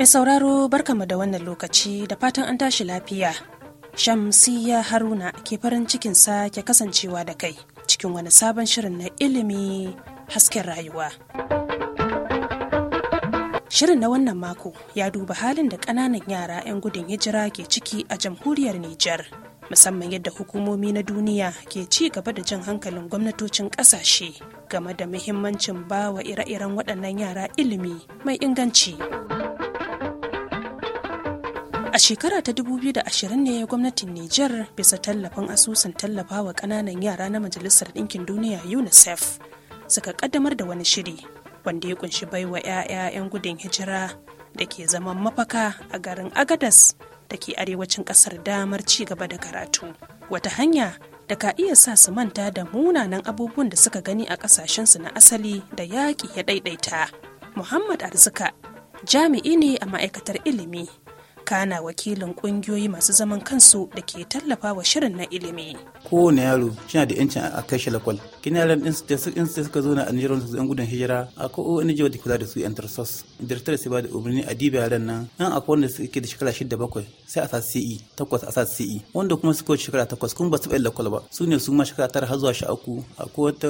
Mai sauraro barkamu da wannan lokaci da fatan an tashi lafiya. shamsiya Haruna ke farin cikin sake kasancewa da kai cikin wani sabon shirin na ilimi hasken rayuwa. Shirin na wannan mako ya duba halin da ƙananan yara 'yan gudun hijira ke ciki a jamhuriyar Nijar, musamman yadda hukumomi na duniya ke ci gaba da jan hankalin gwamnatocin ƙasashe game da muhimmancin bawa ire-iren waɗannan yara ilimi mai inganci. shekara ta 2020 ne gwamnatin Nijar bisa tallafin asusun tallafawa kananan yara na Majalisar Ɗinkin Duniya UNICEF suka ƙaddamar da wani shiri wanda ya kunshi baiwa 'ya'ya 'yan gudun hijira da ke zaman mafaka a garin Agadas da ke arewacin ƙasar damar ci gaba da karatu. Wata hanya da ka iya sa su manta da munanan abubuwan da suka gani a ƙasashensu na asali da yaƙi ya ɗaiɗaita. Muhammad Arzika jami'i ne a ma'aikatar ilimi kana wakilin kungiyoyi masu zaman kansu da ke tallafa wa shirin na ilimi kowane yaro yana da yancin a kai shi lakwal kinalan din da sun in suka zo na a nijar su yan gudun hijira akwai ONG wadda kula da su yan tarsos director sai ba da umarni a dibiya ran nan nan akwai wanda suke da shekara shida bakwai sai a sa CE takwas a sa CE wanda kuma suka wuce shekara takwas kuma ba su bayyana lakwal ba su ne su ma shekara tara har zuwa sha uku akwai wata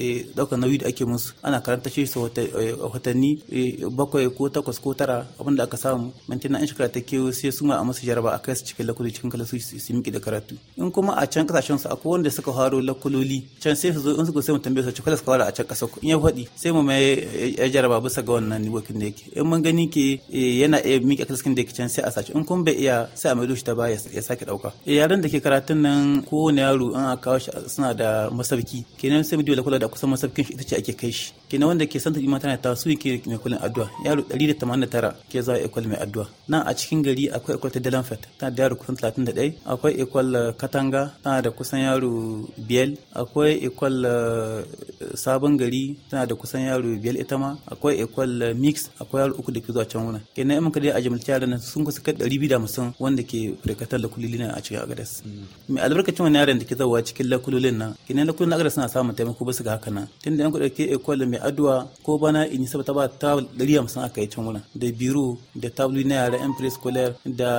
eh, ɗaukar nauyi da ake musu ana karanta shi su eh, watanni eh, bakwai ko takwas ko tara abinda aka samu mantina in shekara ta kewo sai su ma a musu jaraba a kai su cikin lakwalo cikin kalasu su miƙe da karatu in kuma a can kasashen su akwai wanda suka haro lakwaloli can sai su zo in suka sai mu tambaye su ci kada su kawara a can kasa ƙasa in ya faɗi sai mu mai ya jaraba bisa ga wannan niwokin da yake in mun gani ke eh, yana iya miƙa kaskin da yake can sai a sace in kun bai iya sai a maido shi ta baya ya sake ɗauka eh, yaran da ke karatun nan kowane yaro in a kawo shi suna da masabki kenan sai mu dole kula da kusan masabkin shi ita ce ake kai shi kenan wanda ke santa imanta na tasu ke mai kulin addu'a yaro ɗari da tamanin tara ke zuwa ikwal mai addu'a nan a cikin gari akwai ikwal ta dalanfet tana da yaro kusan talatin da ɗaya akwai ikwal katanga tana da kusan yaro biyar akwai ikwal ekwal eh, sabon gari tana da kusan yaro biyar ita ma akwai ekwal mix akwai yaro uku da ke zuwa can wurin kenan in muka dai a jimilce yaran nan sun kusa kai ɗari biyu da hamsin wanda ke firkatar lakulili nan a cikin agadas mai albarkacin wani yaran da ke zawa cikin lakulolin nan kenan lakulolin na agadas suna samun taimako ba su ga haka nan tunda yan ku ɗauke ekwal mai aduwa ko bana in yi saba ta ba ta ɗari hamsin aka yi can wuna da biro da tablu na yara yan prescholar da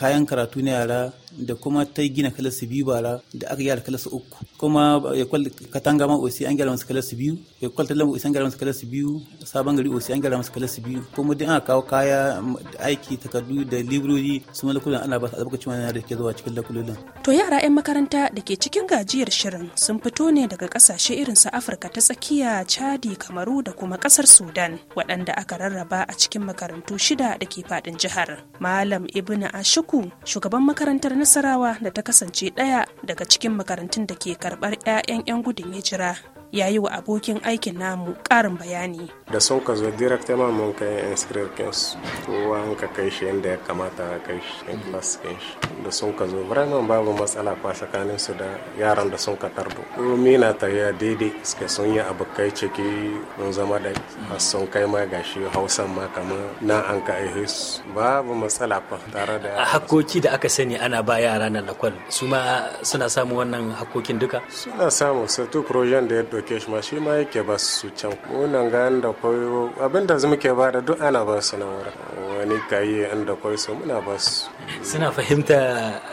kayan karatu na yara da kuma ta gina kalas biyu bara da aka gyara kalas uku kuma yakwal katanga ma osi an gyara masu kalas biyu ta talamba osi an gyara masu kalas biyu sabon gari osi an gyara masu kalas biyu kuma duk ana kawo kaya aiki takardu da librori su malakulan ana ba su albarkacin wani da ke zuwa cikin lakulolin. to yara 'yan makaranta da ke cikin gajiyar shirin sun fito ne daga kasashe irin su afirka ta tsakiya chadi kamaru da kuma kasar sudan waɗanda aka rarraba a cikin makarantu shida da ke faɗin jihar malam ibn ashiku shugaban makarantar na nasarawa da ta kasance ɗaya daga cikin makarantun da ke karɓar 'ya'yan 'yan gudun hijira ya yi wa abokin aikin namu karin bayani. Da sun ka zo direct mun kai inscrire to an ka kai shi inda ya kamata a kai shi in class kai shi. Da sun ka zo vraiment babu matsala kwa tsakanin su da yaran da sun ka tarbo. Komi na tafiya daidai suka sun yi kai ciki mun zama da sun kai ma gashi hausan ma kamar na an ka aihe su. Babu matsala kwa tare da. hakoki da aka sani ana ba yara na lakwal su ma suna samun wannan hakokin duka? Suna samu, sai tu projen da ya ɗauke shi ma shi ma yake ba su can kunan ga da kwai abin da muke ba da duk ana ba su na wurin wani kayi inda kwai su muna ba su suna fahimta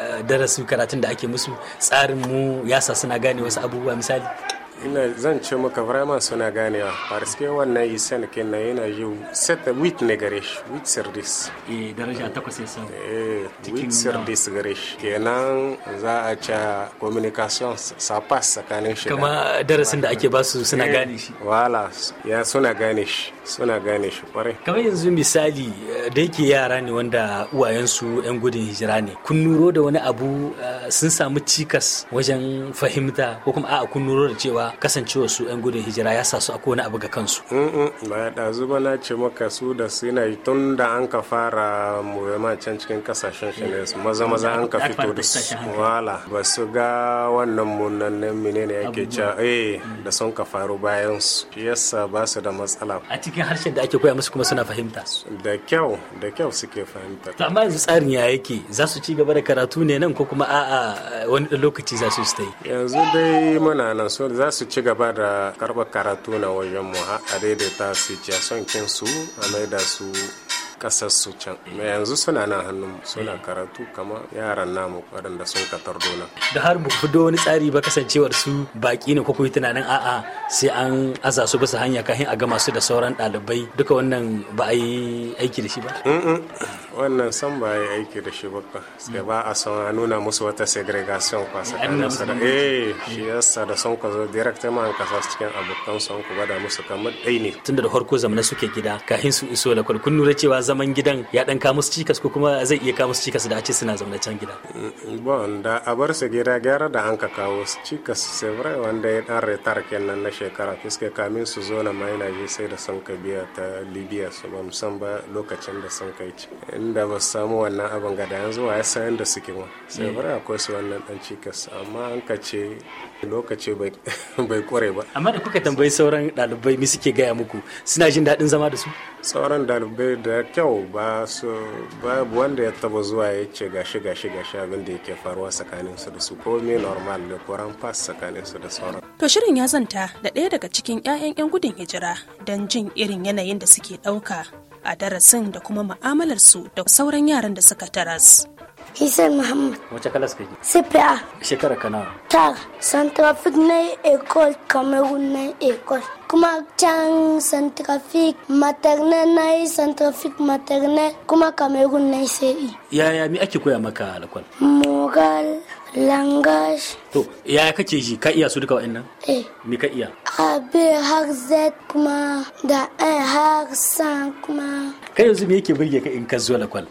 eh, darasin karatun da ake musu tsarin mu yasa suna gane wasu abubuwa misali ina zan ce maka vraiment suna ganewa parce que wannan isan kenan yana yiwu set wit ne gare shi wit sardis eh daraja takwas ya samu eh wit gare shi kenan za a ce communication sa pass tsakanin shi kama darasin da ake basu suna eh, gane shi wala ya suna gane shi suna gane shi kwarai kamar yanzu misali eh, da yake yara ne wanda uwayensu yan gudun hijira ne kun nuro da wani abu eh, sun samu cikas wajen fahimta ko kuma a'a kun nuro da cewa kasancewa su 'yan gudun hijira ya sa su a kowane abu ga kansu. ba ɗazu ba na ce maka su da sinai tun da an ka fara muhimman can cikin kasashen shi ne maza maza an ka fito da su wala ba su ga wannan munannen menene yake ca eh mm. da sun ka faru bayan su yasa ba su da matsala. a cikin harshen da ake koya musu kuma suna fahimta. da kyau da kyau suke fahimta. to amma yanzu tsarin ya yake za su ci gaba da karatu ne nan ko kuma a'a wani da lokaci za su ta yi yanzu dai muna nan so za su ci gaba da karɓar karatu na wajen mu a daidaita su son su a maida su kasar su can yanzu suna nan hannun suna karatu kama yaran namu waɗanda sun ka dona da har mu fito wani tsari ba kasancewar su baki ne ko kuma tunanin a'a sai an aza su bisa hanya kahin a gama su da sauran ɗalibai duka wannan ba a yi aiki da shi ba wannan san ba yi aiki da shi ba sai ba a son a nuna musu wata segregation kwa tsakanin su da eh shi yasa da son ka zo direct ma an kasa cikin abokan son ku da musu kamar ɗai ne tunda da farko zamanin suke gida kahin su iso da kun nura cewa zaman gidan ya dan kawo musu cikas ko kuma zai iya kawo musu cikas da a ce suna zaune can gida bon da a bar su gida gyara da an ka kawo su cikas sevra wanda ya dan retar kenan na shekara fiske kamin su zo na maina na sai da sun kai biya ta libya su ba musan ba lokacin da sun kai ci inda ba su samu wannan abin ga da yanzu ya san da suke ma sevra akwai su wannan dan cikas amma an ka ce lokaci bai kware ba amma da kuka tambayi sauran ɗalibai mi suke gaya muku suna jin daɗin zama da su sauran dalibai da kyau ba su babu wanda ya taba zuwa ya ce gashi gashi gashi abin da yake faruwa tsakanin su da su me normal da kuran pass tsakanin su da sauran to shirin ya zanta da ɗaya daga cikin 'ya'yan 'yan gudun hijira don jin irin yanayin da suke ɗauka a darasin da kuma mu'amalar su da sauran yaran da suka taras Hisai Muhammad. Wace kalas kake? CPA. Shekara ka nawa? Tar, Santrafik na Ecole, Cameroon na Ecole. Kuma can Santrafik maternel na yi Santrafik maternel kuma Cameroon na yi sai. Yaya mi ake koya maka alkwal? Moral, langage. To, yaya kake ji? Ka iya su duka wa'annan? Eh. Mi ka iya? A, B, har Z kuma da A e, har san kuma. Kai yanzu me yake burge ka in ka zuwa alkwal?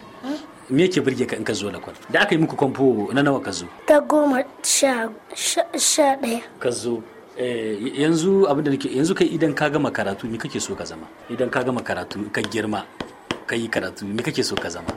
me yake birge ka in ka zo lakwal da aka yi muku kwamfo na nawa ka zo ta goma sha ɗaya ka zo eh, yanzu abin da nake yanzu kai idan ka gama karatu me kake so ka zama idan ka gama karatu ka girma ka yi karatu me kake so ka zama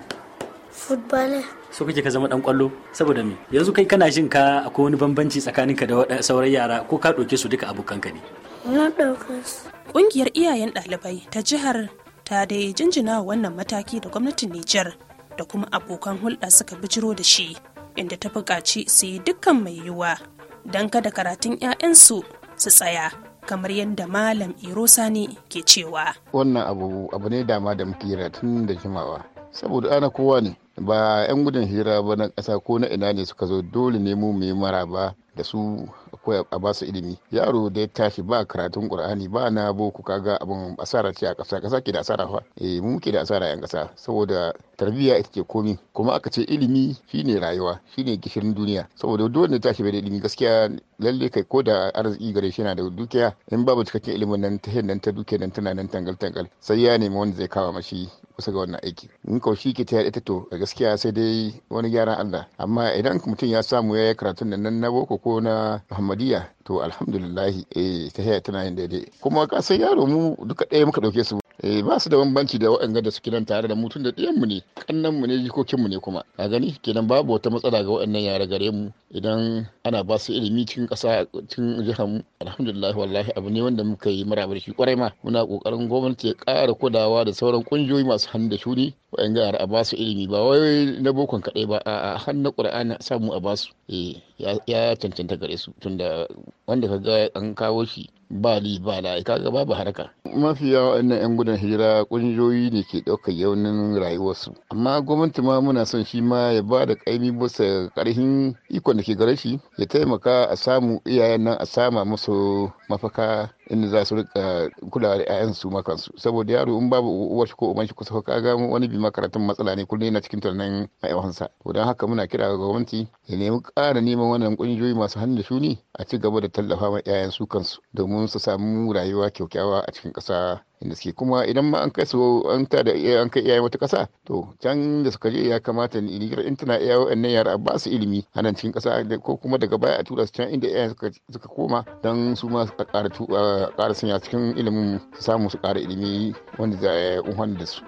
footballer so kake ka zama dan kwallo saboda me yanzu kai kana jin ka akwai wani bambanci tsakanin ka da sauran yara ko ka ɗauke su duka ka ne na ɗauke su ƙungiyar iyayen ɗalibai ta jihar ta dai jinjina wannan mataki da gwamnatin Nijar da kuma abokan hulɗa suka bijiro da shi inda ta buƙaci su yi dukkan mai yiwuwa don kada karatun 'ya'yansu su tsaya kamar yadda malam iro sani ke cewa wannan abu abu ne dama da muke hira tun da jimawa saboda ana kowa ne ba 'yan gudun hira ba na ƙasa ko na ina ne suka zo dole ne mu mu yi maraba da su akwai a ba ilimi yaro da ya tashi ba karatun ƙur'ani ba na boko kaga abin asara ce a ƙasa ƙasa ke da asara fa eh mu ke da asara yan ƙasa saboda tarbiyya ita ce komi kuma aka ce ilimi shine rayuwa shine gishirin duniya saboda dole ne tashi bai da ilimi gaskiya lalle kai ko da arziki gare shi yana da dukiya in babu cikakken ilimin nan ta nan ta dukiya nan tana nan tangal tangal sai ya nemi wanda zai kawo mashi kusa ga wannan aiki in ko shi ke tayar ita to gaskiya sai dai wani gyaran Allah amma idan mutum ya samu ya yi karatun nan na boko ko na Muhammadiyya to alhamdulillah eh ta tana yin daidai kuma ka san yaro mu duka ɗaya muka dauke su eh ba su da bambanci da waɗanda da suke nan tare da mutum da ɗiyanmu ne mu ne jikokinmu ne kuma a gani kenan babu wata matsala ga waɗannan yara gare mu idan ana ba su ilimi cikin ƙasa cikin jihar mu alhamdulillah wallahi abu ne wanda muka yi maraba shi kwarai ma muna ƙoƙarin gwamnati ya ƙara kulawa da sauran ƙungiyoyi masu hannu da shuni wa'yan ga a basu ilimi ba wai na bokon kaɗai ba a har na samu a basu eh, ya cancanta gare su tunda wanda ka ga an kawo shi ba li ba la ka ga babu haraka mafiya wa'annan yan gudun hira ƙungiyoyi ne ke ɗaukar yaunin rayuwarsu amma gwamnati ma muna son shi ma ya ba da ƙaimi bisa ƙarfin ikon da ke gare shi ya taimaka a samu iyayen nan a sama musu mafaka inda za su rika kulawa da 'ya'yan su makansu saboda yaro in babu uwar shi ko uban shi kusa ka ga wani bi makarantar matsala ne kullum yana cikin tunanin ayawansa to don haka muna kira ga gwamnati ya nemi ƙara neman wannan ƙungiyoyi masu hannu da shuni a ci gaba da tallafa ma 'ya'yan su kansu domin su samu rayuwa kyakkyawa a cikin ƙasa inda suke kuma idan ma an kai su an ta da an kai iyaye wata kasa to can da suka je ya kamata ni in tana iyaye wannan yara ba su ilimi a nan cikin kasa ko kuma daga baya a tura su can inda iyaye suka koma dan su ma su ƙara sanya cikin ilimin su samu su ƙara ilimi wanda za a yi da su.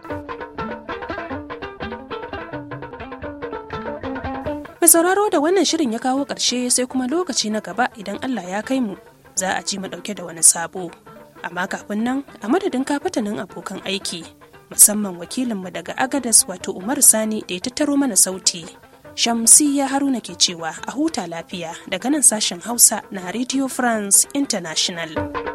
Mai sauraro da wannan shirin ya kawo ƙarshe sai kuma lokaci na gaba idan Allah ya kai mu za a ji mu ɗauke da wani sabo. amma kafin nan a madadin kafatanin abokan aiki musamman wakilinmu daga agadas wato umar sani da ya tattaro mana sauti shamsiya haruna ke cewa a huta lafiya daga nan sashen hausa na radio france international